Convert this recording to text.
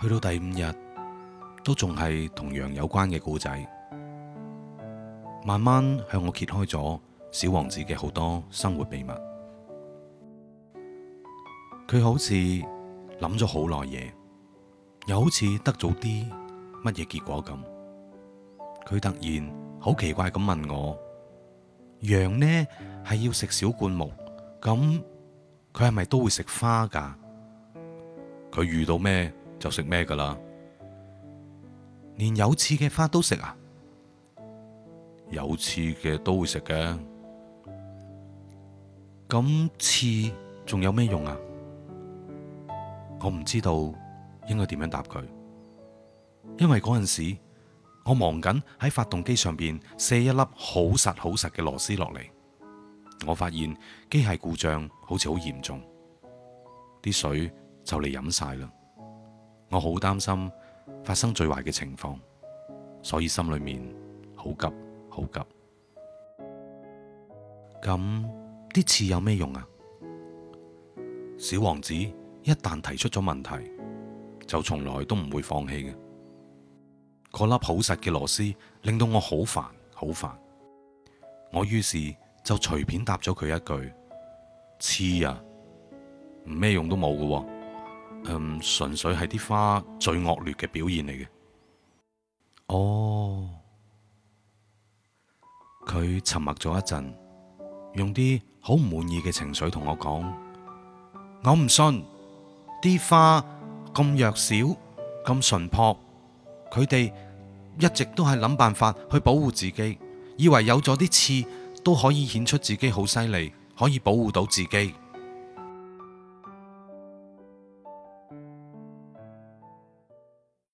去到第五日，都仲係同羊有關嘅故仔，慢慢向我揭開咗小王子嘅好多生活秘密。佢好似諗咗好耐嘢，又好似得咗啲乜嘢結果咁。佢突然好奇怪咁問我：羊呢係要食小灌木咁？佢係咪都會食花噶？佢遇到咩就食咩噶啦？連有刺嘅花都食啊？有刺嘅都會食嘅。咁刺仲有咩用啊？我唔知道應該點樣答佢，因為嗰陣時我忙緊喺發動機上邊卸一粒好實好實嘅螺絲落嚟。我發現機械故障好似好嚴重，啲水就嚟飲晒啦！我好擔心發生最壞嘅情況，所以心裏面好急好急。咁啲刺有咩用啊？小王子一旦提出咗問題，就從來都唔會放棄嘅。嗰粒好實嘅螺絲令到我好煩好煩，我於是。就隨便答咗佢一句：刺啊，咩用都冇嘅。嗯，純粹係啲花最惡劣嘅表現嚟嘅。哦，佢沉默咗一陣，用啲好唔滿意嘅情緒同我講：我唔信啲花咁弱小、咁純樸。佢哋一直都係諗辦法去保護自己，以為有咗啲刺，都可以顯出自己好犀利，可以保護到自己。